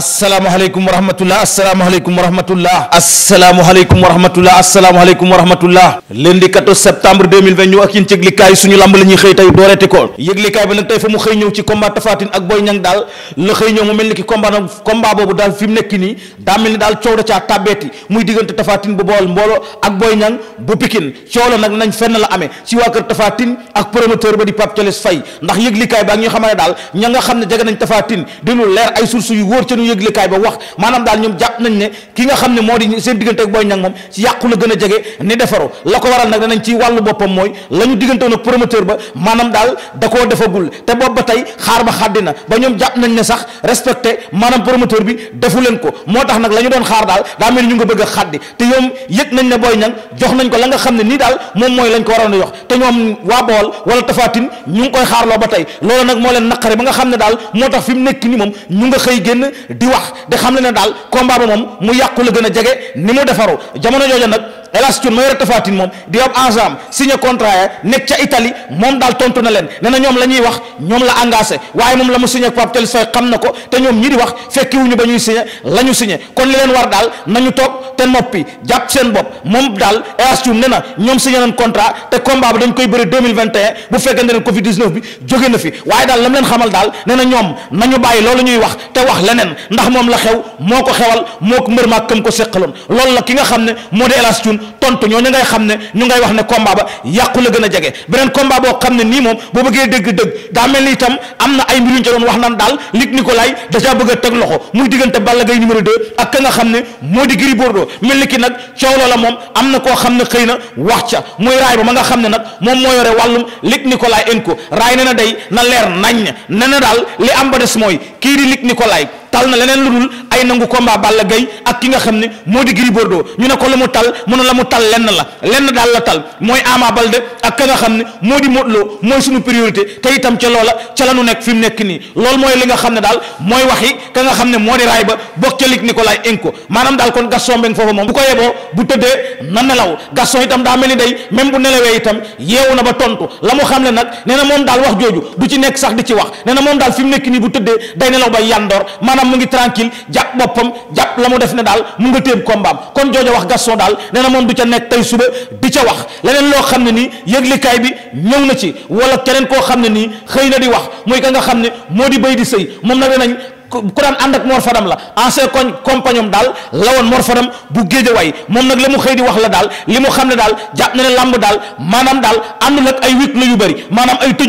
asalaamaaleykum wa rahmatulah asalaamaaleykum wa rahmatulah. asalaamaaleykum wa rahmatulah asalaamaaleykum wa rahmatulah. lundi 14 septembre 2020 ñëw ak yéen ci yëglikaay suñu lamb la ñuy xëy tey dooreeti ko yëglikaay bi nag tey fa mu xëy ñëw ci combat Tafatine ak Boy Niang daal la xëy ñëw mu mel ni ki combat nag combat boobu daal fi mu nekk nii daa mel ni daal coow da caa tàbbeeti muy diggante Tafatine bu bool mbooloo ak Boy Niang bu Pikine coow la nag nañ fenn la amee ci waa kër Tafatine ak promoteur ba di Pape Thialis Faye ndax yëglikaay ba ak ñu xamal ne daal ña nga xam ne jege nañ Tafatine di lu leer ay sources yu wóor ca yëglekaay ba wax maanaam daal ñoom jàpp nañ ne ki nga xam ne moo di seen diggante ak Boy Niang moom si yàqu la gën a jege ni defaru la ko waral nag danañ ci wàllu boppam mooy la ñu diggantewoon promoteur ba maanaam daal da koo defagul te boobu ba tey xaar ba xàddi na ba ñoom jàpp nañ ne sax respecté maanaam promoteur bi defu leen ko moo tax nag la doon xaar daal daa mel ñu nga bëgg a te ñoom yëg nañ ne Boy Niang jox nañ ko la nga xam ne nii daal a di wax di xam le na daal combat ba moom mu yàqu la gën a jege ni mu defaroo jamono jooja nag Elas Thioune ma yor Tapha Tine moom di ab ensemble signé contrat ya nekk ca Italie moom daal tontu na leen nee na ñoom la ñuy wax ñoom la engagé waaye moom la mu signé Pape Thialis Faye xam na ko te ñoom ñi di wax fekkiwuñu ba ñuy signé la ñu signé kon li leen war daal na ñu toog te noppi jàpp seen bopp moom daal Elas Thioune nee na ñoom signé leen contrat te combat bi dañ koy bëri 2021 bu fekkente ne Covid 19 bi na fi waaye daal lam leen xamal daal nee na ñoom nañu bàyyi loolu ñuy wax te wax leneen ndax moom la xew moo ko xewal moo ko mbër maa këm ko séqaloon loolu la ki nga xam ne moo di elas cun tontu ñoo ñu ngay xam ne ñu ngay wax ne combat ba yàqu la gën a jege beneen combat boo xam ne nii moom boo bëggee dégg dëgg daa mel ni itam am na ay mbir yu ñu ca doon wax naan daal Luc Nicolaï dèjà bëgg a teg loxo muy diggante Balla Gaye numéro 2 ak ka nga xam ne moo di Gris Bordeaux mel ni kii nag coow loola moom am na koo xam ne xëy na wax ca muy raay ba nga xam ne nag moom moo yore wàllum Luc Nicolaï en ko raay ne na day na leer nañ ne na daal li am ba des mooy kii di Luc Nicolaï tal na leneen lu dul ay nangu combat Balla Gaye ak ki nga xam ne moo di Gris Bordeaux ñu ne ko lu mu tal mu ne la mu tal lenn la lenn daal la tal mooy Ama Baldé ak ka nga xam ne moo di Modou Lo mooy suñu priorité te itam ca loola ca la nu nekk fi mu nekk nii loolu mooy li nga xam ne daal mooy waxi ka nga xam ne moo di raay ba bokk ca lig Nicolas Enko maanaam daal kon Gaston Mbengue foofu moom bu ko yeboo bu tëddee na nelaw Gaston itam daa mel ni day même bu nelawee itam yeewu na ba tontu la mu xam ne nag nee na moom daal wax jooju du ci nekk sax di ci wax nee na moom daal fi mu nekk nii bu tëddee day ba yandoor maanaam mu ngi tranquille jàpp boppam jàpp la mu def ne daal mu nga téem kombaam kon joojo wax Gaston daal nee na moom du ca nekk tey suba di ca wax leneen loo xam ne nii yëglikaay bi ñëw na ci wala keneen koo xam ne nii xëy na di wax muy ka nga xam ne moo di béy di sëy moom nag nañ ku daan ànd ak Mor Fadam la ancien compagnon daal la woon Mor Fadam bu Géejawaay moom nag la mu xëy di wax la daal li mu xam ne daal jàpp na ne làmb daal maanaam daal àndul ak ay huit la yu bëri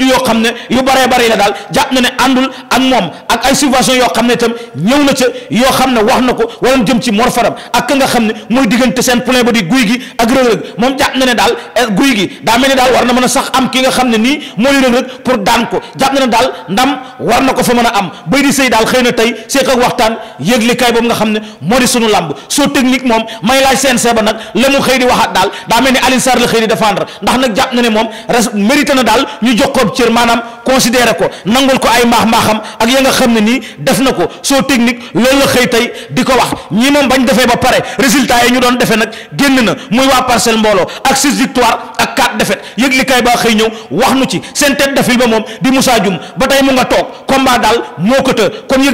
yoo xam ne yu bëree bëri la daal jàpp na ne àndul ak moom ak ay subvention yoo xam ne itam ñëw na ca yoo xam ne wax na ko wala jëm ci Mor Fadam ak ka nga xam ne mooy diggante seen plein ba di guy gi ak rëg-rëg moom jàpp na ne daal eh, guy gi daa mel ne daal war na mën a sax am ki nga xam ne nii mooy rëg-rëg pour daan ko jàpp na ne daal ndam war na ko fa am na tey seq ak waxtaan yëglikaay boobu nga xam ne moo di sunu làmb soo technique moom may laaj CNG ba nag la mu xëy di waxaat daal daa mel ni Alioune Sarr la xëy di défendre ndax nag jàpp na moom res na daal ñu jox ko cër maanaam considéré ko nangul ko ay mbaax mbaaxam ak ya nga xam ne nii def na ko soo technique loolu la xëy tey di ko wax ñii moom bañ defee ba pare résultat yi ñu doon defee nag génn na muy waa parcelle mbooloo ak six victoire ak quatre défaites yëglikaay baa wax nu ci seen tête de file ba moom di Moussa ba tey mu nga toog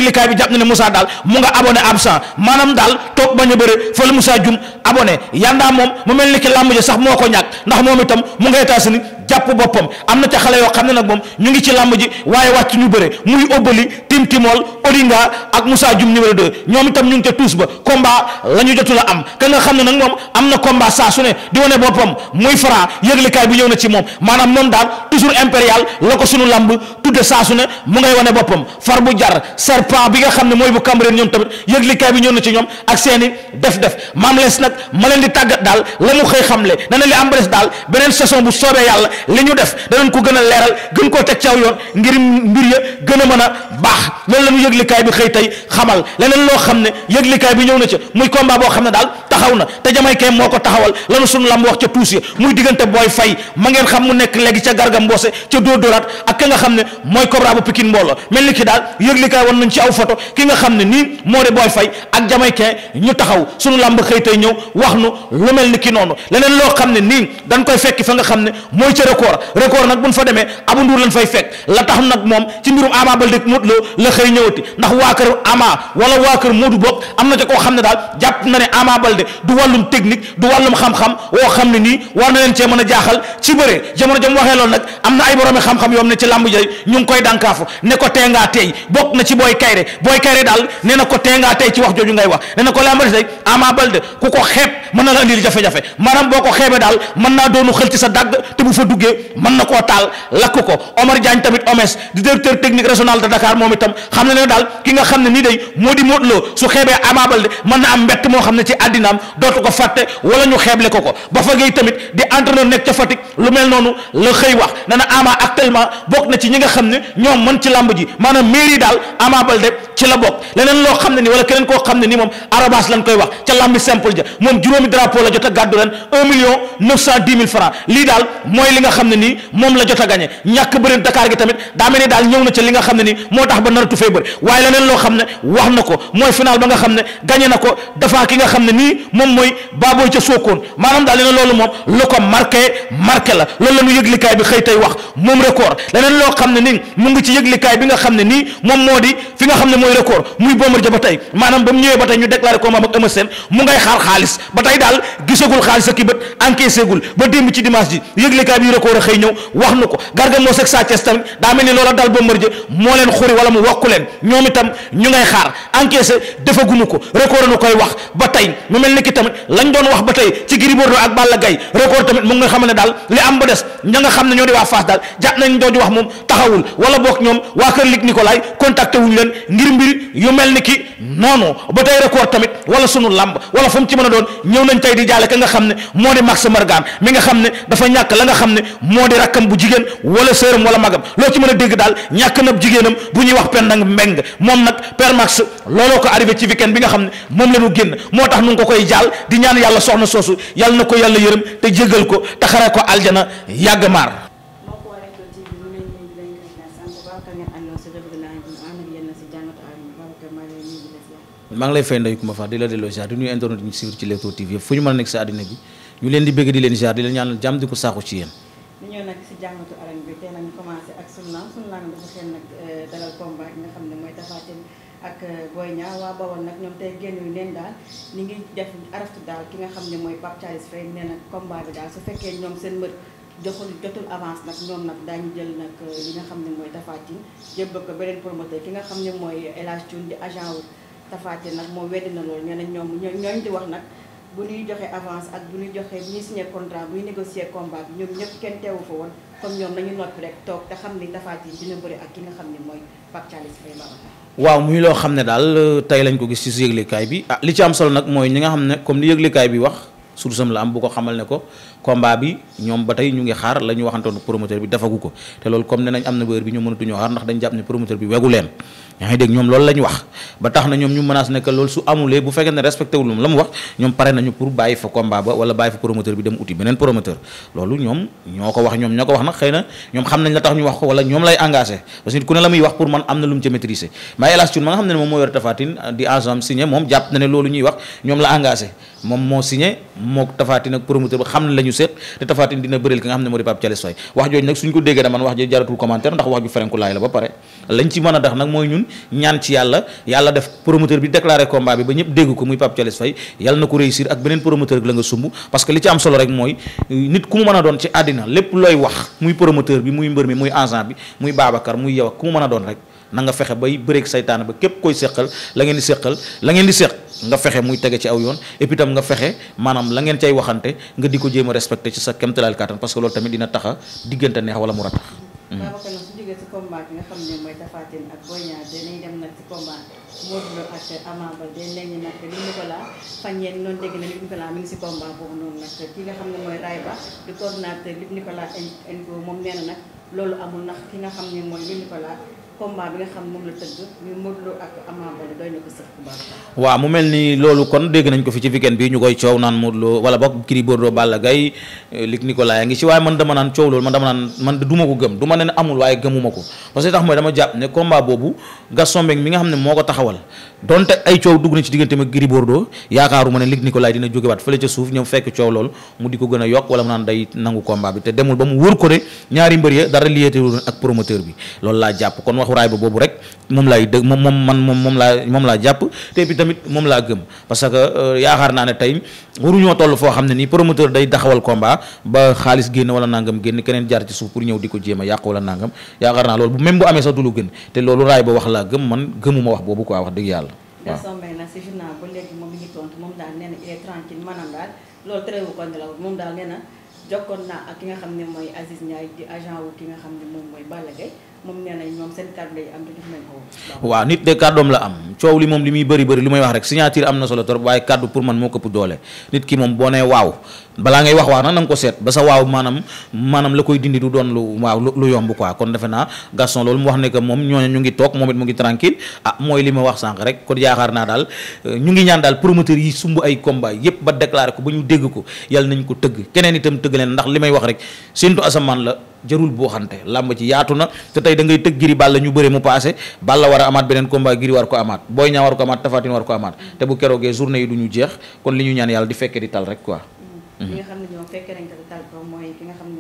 yëglikaay bi jàpp na ne Moussa daal mu nga abonné absent maanaam daal toog bañ a bëre fële Moussa Dioum abonné yandaa moom mu mel ni ki làmb ji sax moo ko ñàkk ndax moom itam mu nga États-Unis jàpp boppam am na ca xale yoo xam ne nag moom ñu ngi ci làmb ji waaye wàcc ñu bëre muy Obali Timtimol Odinga ak Moussa Dioum numéro 2 ñoom itam ñu ngi ca tuus ba combat la ñu jotu la am ka nga xam ne nag moom am na combat saa su ne di boppam muy Fra yëglekaay bi ñëw na ci moom maanaam moom daal toujours impérial la ko sunu làmb tudde saa su ne mu ngay wane boppam far bu jar serpent bi nga xam ne mooy bu Cambérène ñoom tamit yëglekaay bi ñëw na ci ñoom ak seeni def-def maam lees nag ma leen di tàggat daal la mu xëy xamle na ne li a ba daal beneen saison bu yàlla li ñu def danañ ko gën a leeral gën koo teg ci aw yoon ngir mbir ya gën a mën a baax loolu la ñu yëglikaay bi xëy tey xamal leneen loo xam ne yëglikaay bi ñëw na ca muy combat boo xam ne daal taxaw na te jamaykee moo ko taxawal lanu sunu lam wax ca tuus muy diggante booy fay ma ngeen xam mu nekk léegi ca garga mboose ca dóor dóoraat ak ki nga xam ne mooy Cobra bu Pikine mbooloo mel ni ki daal yëglikaay wan nañ ci aw photo ki nga xam ne nii moo di booy fay ak jamaykee ñu taxaw sunu lamb xëy tey ñëw wax nu lu mel ni ki noonu leneen loo xam ne nii dañ koy fekki fa nga xam ne mooy ca record record nag buñ fa demee abu nduur lañ fay fekk la tax nag moom ci mbirum Ama Baldé Modou Lô la xëy ñëwati ndax waa kër Ama wala na ca koo xam ne daal jàpp na ne Ama Baldé du wàllum technique du wàllum xam-xam woo xam ne nii war na leen cee mën a jaaxal ci bëree jamono jam waxee loolu nag am na ay boroomi xam-xam yoom ne ci làmb jay ñu ngi koy dànkaafu ne ko teengaa tey bokk na ci booy kayre booy kayre daal ne na ko teengaa tey ci wax jooju ngay wax ne na ko lambati tey Ama Baldé ku ko na la indil jafe-jafe maanaam boo ko xeebee daal mën naa duggee mën na koo taal lakk ko Omar Diagne tamit OMS di directeur technique régional de Dakar moom itam xam ne ne daal ki nga xam ne nii day dootu ko fàtte wala ñu xeeble ko ko ba fa tamit di entraîneur nekk ca Fatick lu mel noonu la xëy wax ne na Ama actuellement bokk na ci ñi nga xam ne ñoom mën ci làmb ji maanaam mairie daal Ama Baldé ci la bokk leneen loo xam ne ni wala keneen koo xam ne ni moom arabas lañ koy wax ca làmbi simple ja moom juróomi a nga xam ne nii moom la jot a gañe ñàkk bërin Dakar gi tamit daa mel ni daal ñëw na ca li nga xam ne nii moo tax ba naratu fay bëri waaye leneen loo xam ne wax na ko mooy final ba nga xam ne gañe na ko dafa ki nga xam ne nii moom mooy baabooy ca sookoon maanaam daal leneen loolu moom lu ko marqué marqué la loolu la ñu yëglikaay bi xëy tey wax moom record leneen loo xam ne nii mu ngi ci yëglikaay bi nga xam ne nii moom moo di fi nga xam ne mooy record muy Bombardier ba tey maanaam ba mu ñëwee ba tey ñu déclaré combat ak Eumeu Sène mu ngay xaar xaalis ba tey daal ba démb ci dimanche ji yëglikaay bi da ko a xëy ñëw wax nu ko garga moo seg ko record ba tey mu mel ni ki tamit lañ doon wax ba tey ci Gris Bordeaux ak Balla Gaye record tamit mu ba des ne ñoo di waa Fass daal jàpp nañ jooju wax moom taxawul wala boog ñoom waa kër Luc Nicolaï yu mel ni ki ba tey record tamit wala sunu làmb wala fu mu ci mën a doon ñëw nañ tey di jaale ka nga xam ne moo di Max Margan mi nga xam ne dafa ñàkk la nga xam ne moo di rakkam bu jigéen wala sëram wala magam loo ci mën a dégg daal ñàkk nag jigéenam bu ñuy wax pendang mbeng moom nag Père Max looloo ko arrivé ci weekend bi nga xam ne moom la ñu génn moo tax nu ngi ko koy jaal di ñaan yàlla soxna soosu yàlla na ko yàlla yërëm te jégal ko te ko aljana yàgg maar maa ngi lay fay ndeyu kuma fa di la delloo ziar di nuyu internet ñu suivre ci Leewtoo TV fu ñu mën a nekk sa àddina bi ñu leen di bëgg di leen ziar di leen ñaanal jàmm di ko saaku ci yéen ñu ñoo nag si jàngatu arène bi tey nag ñu commencé ak sunu laam sunu laam dafa xëy nag euh, dalal combat yi nga xam ne mooy Tapha ak euh, Boy Niang waa Bawol nag ñoom tey génn yu neen daal ñu ngi def araftu daal ki nga xam ne mooy Pape Thialis Faye nee na combat bi daal su fekkee ñoom seen mbër joxul jotul avance nag ñoom nag daañu jël nag yi euh, nga xam ne mooy Tapha Tine jébbal ko beneen promoteur ki nga xam ne mooy El Hadj Thioune di agent wu Tapha Tine nag moom weddi na loolu nee na ñoom ñooñ di wax nag bu ñuy joxe avance ak bu ñuy joxe bu ñuy signé contrat bu ñuy négocier combat bi ñoom ñëpp kenn teewu fa woon comme ñoom nañu noppi rek toog te xam ni Tapha Tine dina bëri ak ki nga xam ne mooy Pape Thialis Faye waaw muy loo xam ne daal tey lañ ko gis ci yëglekaay bi ah li ci am solo nag mooy ñi nga xam ne comme li yëglekaay bi wax. sursam la am bu ko xamal ne ko combat bi ñoom ba tey ñu ngi xaar la ñu waxantoon promoteur bi dafagu ko te loolu comme ne nañ am na wër bi ñoom mënatuñoo xaar ndax dañ jàpp bi ñoom la ñu na ñoom ñu menace ne que lay engagé parce que ku ne la muy wax lu mu ca maîtriser moom moo yor mook tafaatin ak promoteur ba xam ne la ñu te tafaatin dina bëreel ki nga xam ne moo di Pape Thialis Faye wax jooju nag suñ ko déggee man wax jaratul commentaire ndax wax ju ferenku laay la ba pare lañ ci mën a tax nag mooy ñun ñaan ci yàlla yàlla def promoteur bi déclaré combat bi ba ñëpp dégg ko muy Pape Thialis Faye yàlla na ko réussir ak beneen promoteur bi la nga sumb parce que li ci am solo rek mooy nit ku mu mën a doon ci àddina lépp nga fexe muy tege ci aw yoon et puis nga fexe maanaam la ngeen cay waxante nga di ko jéem a respecté ci sa kéemtalaal kàttan parce que loolu tamit dina taxa diggante neex wala mu ratax. Mm. Babacar nag su jógee ci ci combat boobu noonu nag ki nga xam ne mooy Rayba di coordinateur li Nicolas Enko moom nee nag loolu amul ndax ki nga xam ne mooy li Nicolas combat bi nga mu mel ni loolu kon dégg nañ ko fi ci weekend bi ñu koy coow naan Modou Lo wala boog Gris Bordeaux Balla Gaye euh, Luc Nicolaï a ngi ci waaye man dama naan coow loolu man dama naan man duma ko gëm du ma ne amul waaye gëmuma ko parce que tax mooy dama jàpp ne combat boobu Gaston Mbengue mi nga xam ne moo ko taxawal donte ay coow dugg na ci diggante ak Gris Bordeaux yaakaaruma ne Luc Nicolaï dina jógewaat fële ca suuf ñoom fekk coow loolu mu di ko gën a yokk wala mu naan day ko ne ñaari mbër ya dara liyeete ak bi waxu raay ba boobu rek moom laay dëgg moom moom man moom moom laa moom laa jàpp te bi tamit moom laa gëm parce que euh, yaakaar naa ne tey waruñoo toll foo xam ne nii promoteur day taxawal combat ba xaalis génn wala nangam génn keneen jaar ci suuf pour ñëw di ko jéem a yàq wala nangam yaakaar naa loolu même bu amee sax du gën te loolu raay ba wax laa gëm man gëmuma wax boobu quoi wax dëgg yàlla moom daal nee na il est tranquille maanaam daal loolu tréewu ko nelaw moom daal nee na jokkoon naa ak ki nga xam ne mooy Aziz Ndiaye di agent wu ki nga xam ne moom mooy moom nee nañ nit de kàddoom la am coow li moom li muy bëri bëri lu may wax rek signature am na solo trop waaye kàddu pour man moo këpp doole nit ki moom boo nee waaw balaa ngay wax waaw nag na ko seet ba sa waaw maanaam maanaam la koy dindi du doon lu waaw lu yomb quoi kon defe naa Gaston loolu mu wax ne que moom ñooñu ñu ngi toog moom it mu ngi tranquille ah mooy li ma wax sànq rek ko yaakaar naa daal euh, ñu ngi ñaan daal promoteur yi sumb ay combat yépp ba déclaré ko ba ñu dégg ko yàlla nañ ko tëgg keneen itam tëgg leen ndax jarul booxante làmb ci yaatu na te tey da ngay tëg giri bàlla ñu bëre mu passé la war a amaat beneen combat giri war ko amaat booy ñaa war ko amaat tafatin war ko amaat te bu keroogee journée yi du ñu jeex kon li ñu ñaan yàlla di fekkee di tal rek quoi ñi nga xam ne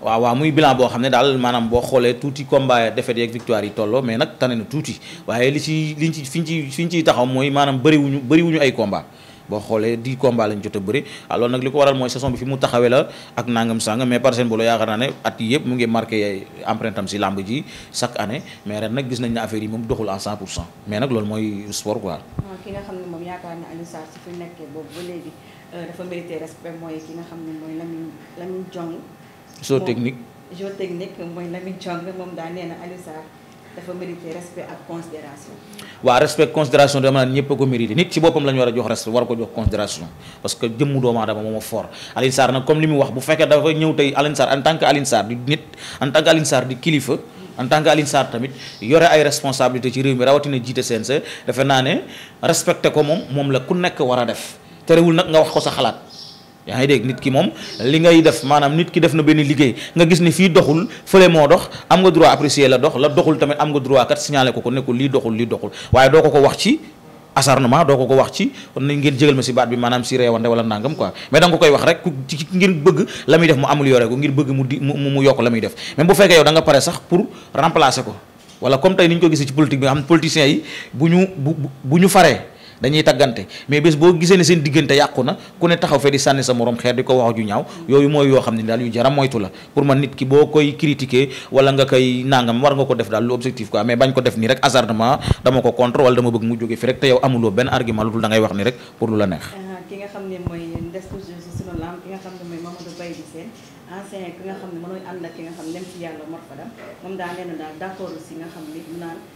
waa am ne muy bilan boo xam ne daal maanaam boo xoolee tuuti combat défaite yeeg victoire yi tolloo mais nag tane na tuuti waaye li ci li ci fiñ ci fiñ ciy taxaw mooy maanaam bëriwuñu bariwuñu ay combat boo xoolee di combat lañ jot a bëri alors nag li ko waral mooy saison bi fi mu taxawee la ak nangam sangam mais par seen boolo yaakaar naa ne at yi yëpp mu ngi marqué empreinte si làmb ji chaque année mais ren nag gis nañ ne affaire yi moom doxul en 100 pour cent mais nag loolu mooy sport quoi. ki nga xam ne moom yaakaar naa Alioune si fi nekkee boobu léegi euh, dafa mérité respect mooy ki nga xam ne mooy Lamine Lamine Diong. soo technique. jeu technique moom daa dafa mérité respect ak considération. waaw respect considération dama naan ñëpp a ko mérité nit ci boppam la ñu war a jox respect war ko jox considération parce que jëmmu doomu aadama moom a fort Alioune Sarr nag comme li mu wax bu fekkee dafa ñëw tey Alioune Sarr en tant que Alioune Sarr di nit en tant que Alioune di kilifa. en tant que Alioune Sarr tamit yore ay responsabilité ci réew mi rawatina jiite sa defe naa ne respecté ko moom moom la ku nekk war a def terewul nag nga wax ko sa xalaat. yaa ngi dégg nit ki moom li ngay def maanaam nit ki def na benn liggéey nga gis ni fii doxul fële moo dox am nga droit apprécier la dox la doxul tamit am nga droit kat signaler ko ko ne ko lii doxul lii doxul waaye doo ko ko wax ci acharnement doo ko ko wax ci nañ ngeen jégal ma si baat bi maanaam si reewante wala nangam ko mais da nga ko koy wax rek ku ci ngir bëgg la muy def mu améliorer ko ngir bëgg mu di mu mu yokk la muy def même bu fekkee yow da nga pare sax ko wala comme tey ni ko gisee ci politique bi nga xam ne politiciens bu ñu bu ñu faree dañuy taggante mais bés boo gisee ne seen diggante yàqu na ku ne taxaw fe di sànni sa moroom xeer di ko wax ju ñaaw yooyu mooy yoo xam ne daal yu jaram moytu la pour man nit ki boo koy critiquer wala nga koy nangam war nga ko def daal lu objectif mais bañ ko def nii rek hasardement dama ko contre wala dama jóge fi rek te yow amuloo benn argument lu dul da ngay wax ni rek pour lu la neex ah, ki nga xam ne mooy ndes sunu lamb ki nga xam ne mooy ki nga xam ne mënooy ànd ak ki nga xam ne moom daa nee daal d'accord si nga xam ne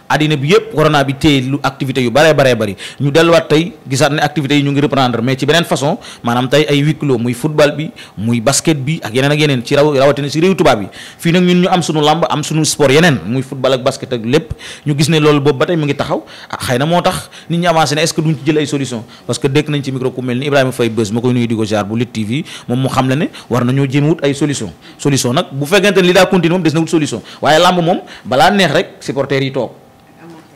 àddina bi yëpp corona bi téye lu activité yu baree baree bëri ñu delluwaat tey gisaat ne activités yi ñu ngi reprendre mais ci beneen façon maanaam tey ay huis clos muy football bi muy basket bi ak yeneen ak yeneen ci raw rawatina si réew tubaab bi fii nag ñun ñu am sunu lamb am sunu sport yeneen muy football ak basket ak lépp ñu gis ne loolu boobu ba tey mu ngi taxaw ah xëy na moo tax nit ñi avancé ne est-ce que duñ ci jël ay solution parce que dégg nañ ci micro war nañoo jéem wut ay solution solution nag bu fekkente ne li daa continuer moom moom balaa neex rek supporters yi toog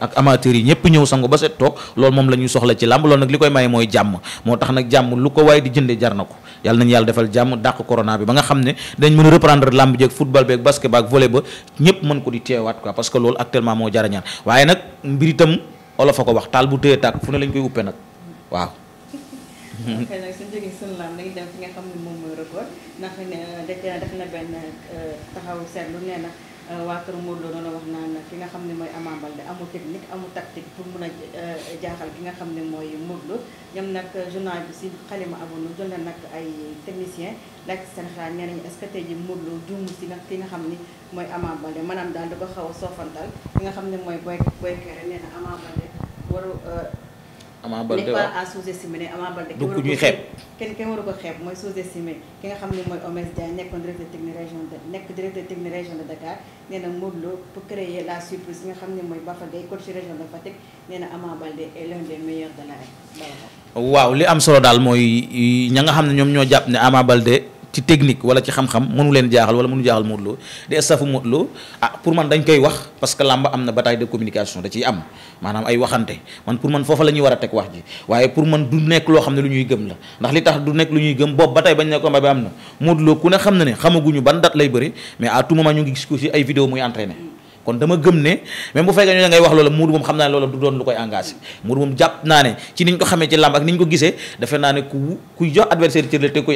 ak amateurs yi ñëpp ñëw sangu ba set toog loolu moom la soxla ci làmb loolu nag li koy maye mooy jàmm moo tax nag jàmm lu ko waaye di jënde jar na ko yàlla nañu yàlla defal jàmm dàq corona bi ba nga xam ne dañ mën a reprendre làmb jeeg football beeg basket baak volley ba ñëpp mën ko di teewaat quoi parce que loolu actuellement moo jarañaan waaye nag mbir olof a ko wax taal bu tëye tàkk fu ne lañ koy uppee nag waaw Euh, waa kër Modou Lo doon wax naan ki nga xam ne mooy Ama Baldé amul technique amul tactique pour mun a euh, jaaxal ki nga xam ne mooy Modou Lo ñoom nag journal bi si xalima abonu jël na nag ay technicien laaj seen xalaat nee nañu est-ce que tey ji si nag ki nga xam ni mooy Ama Baldé maanaam daal da ko xaw a soofantal ki nga xam ne mooy boy boykere nee na Ama Baldé waru euh, Ama Baldé n'est pas à sous-estimer ne Ama Baldé du ku ñuy xeeb kenn kenn waru région de Dakar nee na pour créer la surprise ki nga xam ne mooy Bafa Gueye coach région de Fatick nee na Ama waaw li am solo daal mooy ña nga xam ne ñoom ñoo jàpp ne Ama Baldé ci technique wala ci xam-xam mënu leen jaaxal wala mënu jaaxal Modou Lo di staffu ah pour man dañ koy wax parce que làmb am na bataille de communication da ciy am maanaam ay waxante man pour man foofa la ñuy war a teg wax ji waaye pour man du nekk loo xam ne lu ñuy gëm la ndax li tax du nekk lu ñuy gëm boobu ba tey bañ ne combat bi am na Modou ku ne xam ne xamaguñu ban date lay bëri mais à tout ñu ngi gis ko ci ay vidéo muy entraîné kon dama gëm ne même bu fekkee ñoo ngay wax loola Modou moom xam naa ne loola du doon lu koy engagé Modou moom jàpp naa ne ci niñ ko xamee ci ko gisee defe ne ku kuy jox adversaire cër la te kuy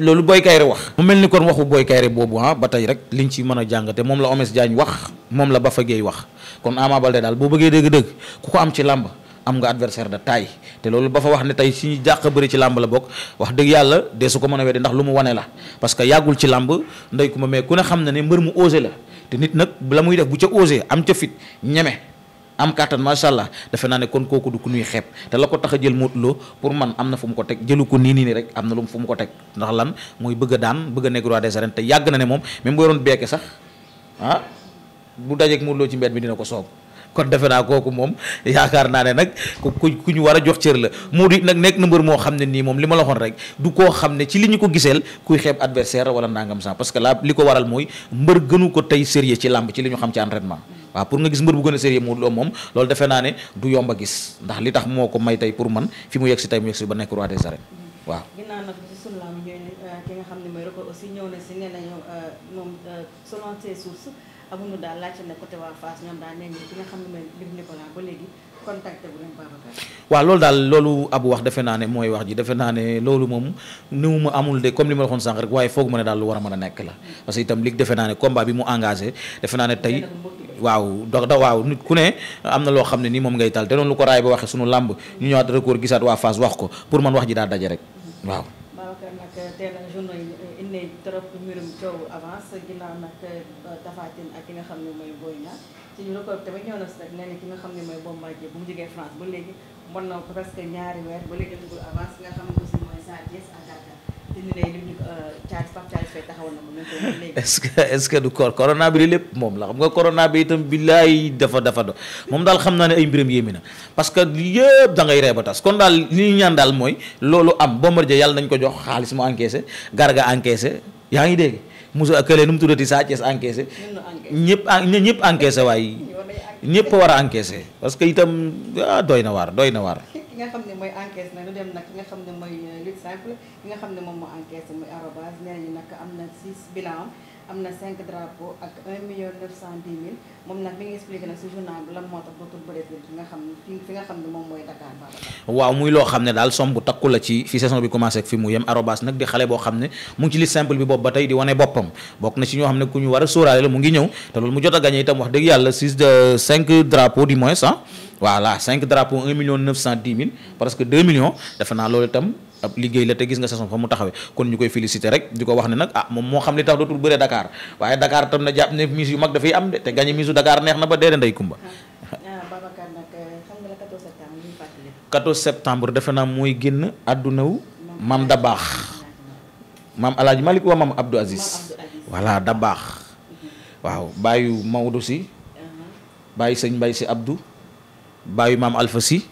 loolu Boy Kayre wax mu mel ni kon waxu Boy Kayre boobu ah tey rek liñ ci mën a jàngate moom la Omes Diagne wax moom la Bafa Gueye wax kon Ama Baldé daal boo bëggee dëgg-dëgg ku ko am ci làmb am nga adversaire de taille te loolu ba fa wax ne tey jàq bëri ci làmb la bokk wax dëgg yàlla dee ko mën a weddi ndax lu mu wane la parce que yàggul ci làmb ndey ku ma ku ne xam na ne mbër mu osé la te nit nag la muy def bu ca osé am ca fit ñeme am kàttan macha allah defe naa ne kon kooku du ku nuy xepp te la ko tax a jël Modou Lo pour man am na fu mu ko teg jëlu ko nii nii nii rek am na lu fu mu ko teg ndax lan mooy bëgg daan bëgg a nekk roi des arènes te yàgg na ne moom même bu yoroon beeke sax ah bu dajeeg Modou Lo ci mbedd mi dina ko soob. kon defe naa kooku moom yaakaar naa ne nag ku ku ñu war a jox cër la moo di nekk na mbër moo xam ne nii moom li ma la waxoon rek du koo xam ne ci li ñu ko giseel kuy xeeb adversaire wala nangam sax parce que ko ci làmb ci li pour nga gis mbër bu gën a sérieux Modou moom loolu defe naa ne du yomb a gis ndax li tax moo ko may tey pour man fi mu yegg si tey mu yegg ba nekk roi des arènes waaw. Euh, waa loolu daal loolu ab wax defe naa ne mooy wax ji defe naa ne loolu moom ni mu amul de comme li ma la waxoon sànq rek waaye foog ma ne daal lu war a mën a nekk la parce que itam lig defe naa ne combat bi mu engagé defe naa ne tey. waaw dox da waaw nit ku ne am na loo xam ne nii moom ngay tal te noonu lu ko raay ba waxee sunu làmb ñu ñëwaat record gisaat waa Fass wax ko pour man wax ji daal daje rek waaw. trop mbirum coowu avance ginnaaw nag est-ce que du corona bi li lépp moom la xam nga corona bi itam billaay dafa dafa do moom daal xam naa ne ay mbiram yéemi na parce que yëpp da ngay kon daal li ñaan daal mooy loolu am Bombardier yàlla nañ ko jox xaalis mu encaissé Garga encaissé. yaa ngi dégg Moussa Kële nu mu tuddati Sa Thiès encaissé ñëpp ñëpp encaissé waaye ñëpp war a encaissé parce que itam ah doy na waar doy na waar. mooy encaisse nag lu nga xam ne mooy euh, xam ne moom moo encaisse am na 5 drapeaux ak 1 million 910 mille moom nag mi ngi expliqué nag si journal bi lan moom mooy Dakar waaw muy loo xam ne daal somme bu takku la ci fi saison bi commencé fi mu yem arobas nag di xale boo xam ne mu ngi ci liste simple bi bopp ba tey di wane boppam bokk na ci ñoo xam ne ku ñu war a sóoraale la mu ngi ñëw te loolu mu jot a gagné itam wax dëgg yàlla 6 de 5 drapeaux du moins ah voilà 5 drapeaux 1 million 910 mille presque 2 ab liggéey la te gis nga saison fa mu taxawee kon ñu koy féliciter rek di ko wax ne nag ah moom moo xam li tax dootul bëre Dakar waaye Dakar tam na jàpp ne mise yu mag dafay am de te gagné mise Dakar neex na ba dee ndey kumba 14 septembre defe naa mooy génn àdduna wu maam da baax maam alaaji Malick waa maam Abdou Aziz voilà da baax waaw bàyyu Maodo si uh-huh. bàyyi sëñ mbay si Abdou bàyyu maam Alpha si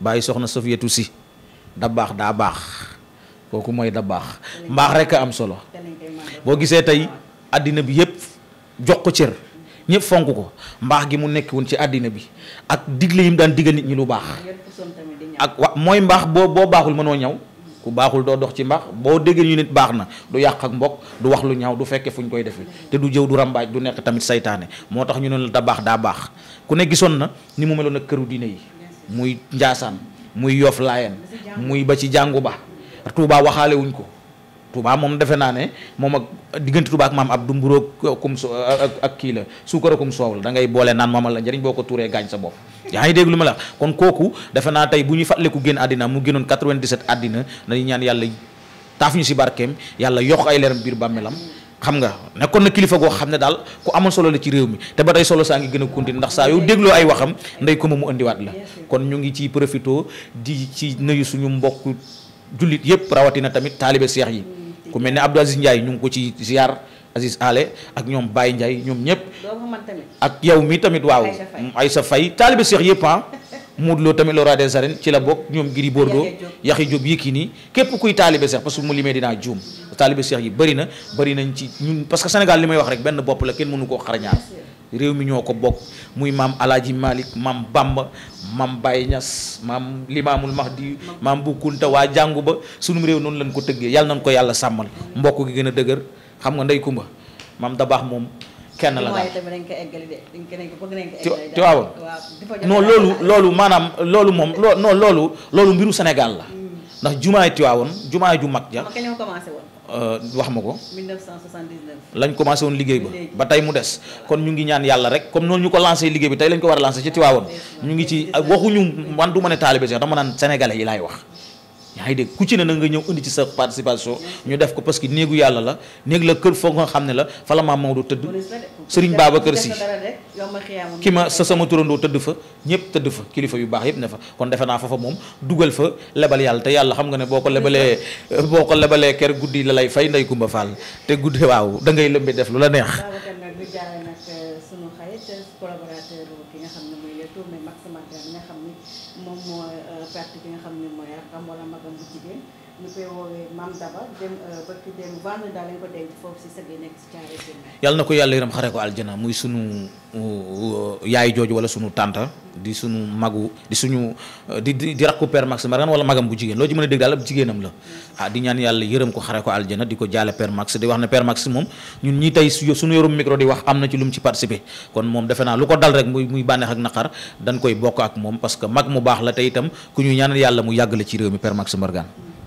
bàyyi soxna Sofiatou si da baax daa baax kooku mooy da baax mbaax rek a am solo boo gisee tey àddina bi yëpp jox ko cër ñëpp fonk ko mbaax gi mu nekk woon ci àddina bi ak digle yi mu daan digal nit ñi lu baax ak wa mooy mbaax boo boo baaxul mënoo ñaw ku baaxul doo dox ci mbaax boo déggee ñu nit baax na du yàq ak mbokk du wax lu ñaaw du fekkee fu ñu koy defee te du jëw du rambaaj du nekk tamit seytaane moo tax ñu ne da baax daa baax ku ne gisoon na ni mu meloon ak këru diine yi muy njaasaan muy Yof Laayeen muy ba ci jàngu ba Touba waxaale wuñ ko Touba moom defe naa ne moom ak diggante Touba ak maam ab dumburo euh, kum so euh, ak kii la suukara kum soow la da ngay boole naan maamal la njëriñ boo ko tuuree gaañ sa bopp. yaa ngi dégg lu ma la kon kooku defe naa tey bu ñuy fàttaliku génn àddina mu génnoon 97 àddina nañu ñaan yàlla taaf ñu si barkeem yàlla yokk ay leeram biir bàmmeelam xam nga kon na kilifa goo xam ne daal ku amoon solo la ci réew mi te ba tey solo saa ngi gën a continuer ndax saa yow dégloo ay waxam ndey ko mu indiwaat la kon ñu ngi ciy profito di ci nuyu suñu mbokk jullit yëpp rawatina tamit taalibe seex yi ku mel ni Abdou Aziz Ndiaye ñu ngi ko ci ziar Aziz Ale ak ñoom Baye Ndiaye ñoom ñëpp ak yow mii tamit waaw Aïssa Faye taalibe seex yëpp ah Modou Lo tamit le roi des arènes ci la bokk ñoom Gris Bordeaux Yaxya Diop Yékini képp kuy taalibe Seex parce que mu limee dinaa juum taalibe Seex yi bëri na bëri nañ ci ñun parce que Sénégal li may wax rek benn bopp la kenn mënu koo xarañaar réew mi ñoo ko bokk muy maam Alaaji Malick maam Bamba maam Baye Niass maam max Mahdi maam Bu Kunta waa jàngu ba sunum réew noonu lañ ko tëggee yàlla nañ ko yàlla sàmmal mbokk gi gën a dëgër xam nga ndey kumba maam kenn la daal Tiwaawoon non loolu loolu maanaam loolu moom loo non loolu mbiru Sénégal la hmm. ndax jumaa jumaay Tiwaawoon jumaa ju mag ja euh, wax ma ko 1979 lañ commencé woon liggéey ba ba tey mu des kon ñu ngi ñaan yàlla rek comme noonu ñu ko lancé liggéey bi tey lañ ko war a lancé ci Tiwaawoon ah, ñu ngi ci waxuñu man du ma ne taalibe sax dama naan sénégale yi laay wax yaa ngi dégg ku ci ne na nga ñëw indi ci sa participation ñu def ko parce que néegu yàlla la néeg la kër foo nga xam ne la fa la maam Maodo tëdd Serigne kër si ki ma sa sama turandoo tëdd fa ñëpp tëdd fa kilifa yu baax yëpp ne fa kon defe naa fa fa moom dugal fa lebal yàlla te yàlla xam nga ne boo ko lebalee boo ko lebalee ker guddi la lay fay nday Kumba Fall te guddi waaw da ngay lëmbi def lu la neex jaale nag sunu xarit collaborateur bi nga xam ne mooy le tournée Max Mbargane nga xam ni moom moo perte bi nga xam ne mooy rakam wala magam bu jigéen ñu koy euh, ko yàlla na ko yàlla yërëm xare ko aljana muy sunu yaay jooju wala sunu tànta di sunu magu di suñu euh, di di di rakku Père Max Mbargane wala magam bu jigéen loo ci mën a dégg daal ab jigéenam la. Mm. ah di ñaan yàlla yërëm ko xare ko aljana di ko jaale Père Max di wax ne Père Max moom ñun ñi tey suñu yorum micro di wax am na ci lu mu ci participé kon moom defe naa lu ko dal rek muy muy bànneex ak xar dañ koy bokk ak moom parce que mag mu baax la te itam ku ñu ñaanal yàlla mu yàgg ci réew mi Père Max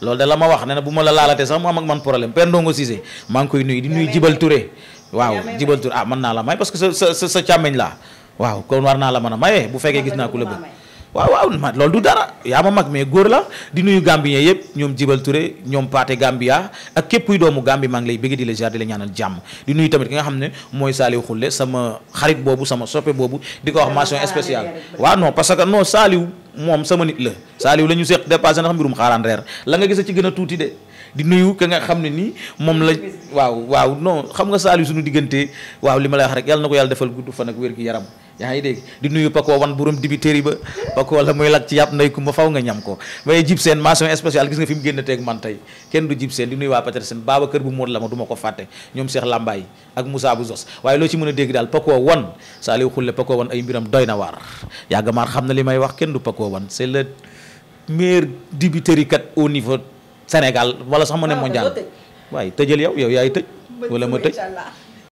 loolu da la ma wax ne na bu ma la laalatee sax mu am ak man problème Père Ndongo Cissé maa ngi koy nuyu di nuyu Jibal Touré waaw Jibal Touré ah mën naa la may parce que sa sa sa càmmeñ laa waaw kon war naa la mën a maye bu fekkee gis naa ku la bëgg waaw waaw man loolu du dara yaa ma mag mais góor la di nuyu gambie yëpp ñoom Jibal Touré ñoom Paate Gambia ak képp kuy doomu Gambi maa ngi lay bëgg di la ziar di la ñaanal jàmm di nuyu tamit ki nga xam ne mooy Saliou Khoule sama xarit boobu sama soppe boobu di ko wax mention spéciale waaw non parce que non Saliou moom sama nit la Saliou la ñu seq dépassé na xam mbirum xaaraan reer la nga gisa ci gën a tuuti de di nuyu ka nga xam ne nii moom la waaw waaw noo xam nga Saliou suñu diggante waaw li ma lay wax rek yàlla na ko yàlla defal gudd fan ak wér gi yaram yaa ngi dégg di nuyu Paco wan borom dibi téri ba Paco la muy lak ci yàpp nday ku ma faw nga ñam ko mais jib seen mention spéciale gis nga fi mu génn teeg man tey kenn du jib seen di nuyu waa Petersen baaba kër bu móodu la ma du ma ko fàtte ñoom Cheikh Lambaay ak Moussa bu Zos waaye loo ci mën a dégg daal Paco wan Saliou Khoule Paco wan ay mbiram doy na waar yàgg maar xam na li may wax kenn du Paco wan c'est le meilleur dibi téri kat au niveau Sénégal wala sax mu ne ah, mondial waaye tëjal yow yow yaay tëj wala ma tëj